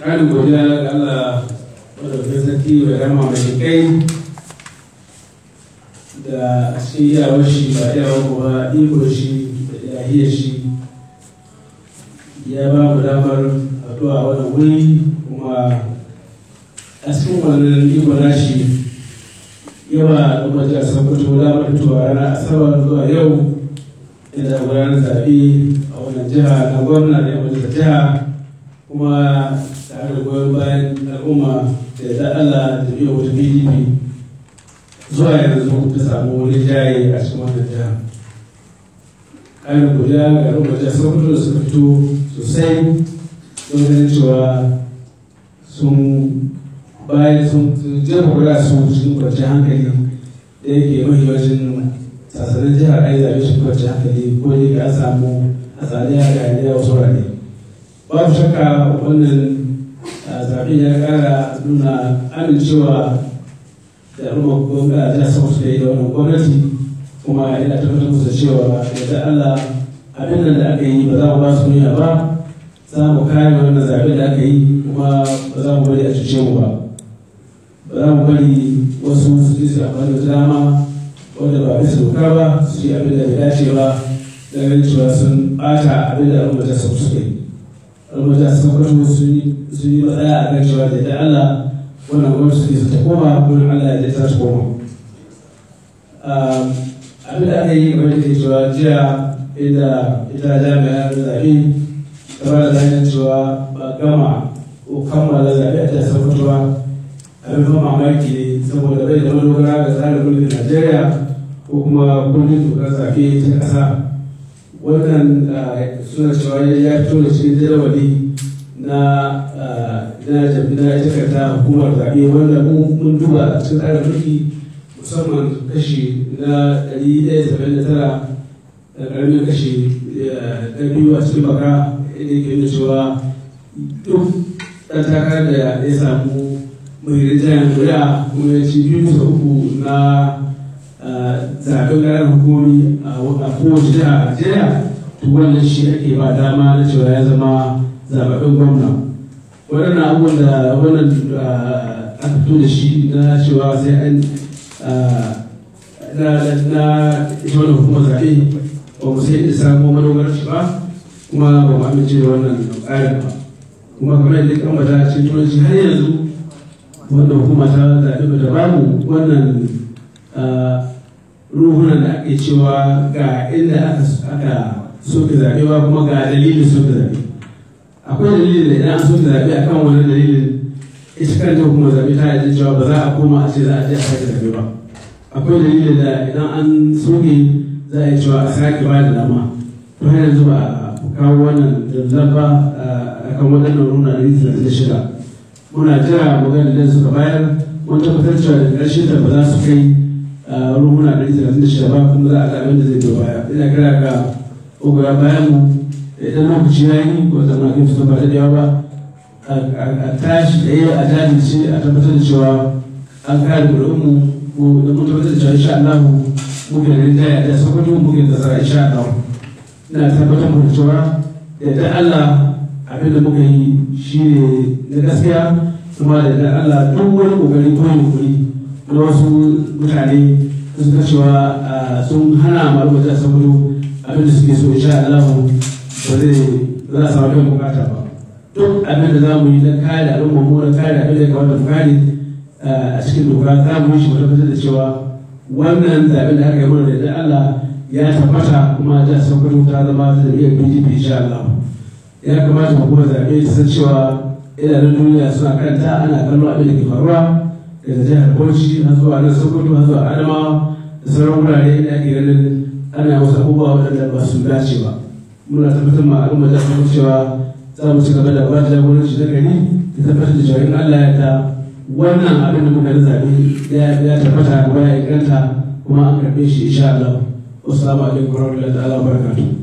ƙarin godiya ga Allah wadda sarki mai rama mai kai da shi yawon shi ba iya yawon kuma iko shi da yahiyar shi ya ba mu damar haɗuwa wani wuri kuma a cikin wannan iko nashi yawa kuma jihar mu damar fitowa ranar asabar zuwa yau inda gudanar zaɓe a wannan jiha na gwamna da yawan jiha kuma tare da goyon bayan al'umma da ta Allah da iya wata PDP zuwa yanzu ta samu wani jaye a cikin wannan jiha. Ƙarin guda ga al'umma jiha sun fito su fito sosai don ganin cewa sun bayan sun jefa guda su cikin kwanciyar hankali da yake mahimmancin sasanin jihar ai zaɓe cikin kwanci hankali ko ne ga samu a tsari a ga wasu rane. babu shakka wannan ah, zaɓe ya ƙara nuna amincewa da al'umma ko ga jina sama suka yi da wannan gwamnati kuma yana tabbatar musu cewa yadda Allah abin nan da aka yi ba za mu ba su nuna ba za mu kare wannan zaɓe da aka yi kuma ba za mu bari a cuce mu ba ba za mu bari wasu su ji su amfani da dama wanda ba bisa doka ba su yi abin da bai dace ba ganin cewa sun ɓata abin da al'umma ta sauka suka yi المتاسم كله سيد الآية على الجواد لعل ونقول سيد تقوما قل على إذا تقوما abin da aka yi game da cewa jiya ita jami'a da zaɓe kamar da zaɓe cewa ba gama ko kammala zaɓe a tasar mutuwa abin ban mamaki ne saboda bai da wani ga tsarin mulkin najeriya ko kuma kundin dokar zaɓe ta ƙasa wannan uh, suna cewa ya fito da cikin jadawali na uh, na jami'a ya hukumar zaɓe wanda mun duba a cikin tsarin mulki musamman kashi na 179 da ƙaramin kashi uh, na biyu a cikin baka inda ke nuna cewa duk ɗan takarar da ya samu mahirin rinjayen kuma ya ci biyu da uku na zaɓen ƙarar hukumomi a kowace jiha a Najeriya to wannan shi ake ba dama na cewa ya zama zaɓaɓɓen gwamna waɗannan abubuwan da wannan ah, aka fito da shi na cewa sai an ah, na ita wannan hukumar zaɓe ba mu sai da samu madogarar shi ba kuma ba mu amince da wannan tsarin ba kuma kamar yadda kan bata ce turanci har yanzu wannan hukuma ta zaɓe ba ta bamu wannan ah, ruhunan da ake cewa ga inda aka soke zaɓe ba kuma ga dalilin soke zaɓe akwai dalilin da idan an soke zaɓe a kan wani dalilin ita kanta kuma zaɓe ta yadda cewa ba za a koma a ce za a je a sake zaɓe ba akwai dalilin da idan an soke za a yi cewa a sake ba da dama to har yanzu ba a kawo wannan dalilin a kan waɗannan runa da yi da shida muna jira maganin da suka bayar wanda tabbatar cewa da ƙarshen da ba za su kai ruhuna 136 baya kuma za a ga abin da zai biyo baya ina kira ga ogoya bayan mu idan lokaci ya yi ko zama kin fito ba da yawa ba a tashi da yawa a jajirce a tabbatar da cewa an kare gurin mu ko da mun tabbatar da cewa insha Allah muke da rinjaya da sokoto muke da tsara insha Allah ina tabbatar mu da cewa Allah abin da muka yi shi ne na gaskiya kuma da Allah duk wani kokari ko yunkuri na wasu mutane da suka cewa ah, sun hana malumar jihar saboda abin da suke so insha Allah ba zai za a samu biyan bukata ba duk abin da za mu yi na kare al'umma mu na kare abin da ya kamata mu kare ah, a cikin doka za mu yi shi mu tabbatar da cewa wannan zaɓen da aka yi mana da Allah ya tabbata kuma jihar Sokoto ta zama ta jam'iyyar PDP insha Allah ya kamata mu kuma zaɓe ta san cewa idanun duniya suna kanta ana kallo abin da ke faruwa daga jihar bauchi har zuwa nan sokoto har zuwa adama da sauran wurare da ake ganin ana wasu abubuwa waɗanda ba su dace ba muna tabbatar ma al'umma ta san cewa za mu ci gaba da ba da jagoranci na gari da tabbatar da in Allah ya ta wannan abin da muka yi zaɓe ya tabbata kuma ya inganta kuma an karɓe shi insha Allah. Wassalamu alaikum warahmatullahi ta'ala wa barakatuh.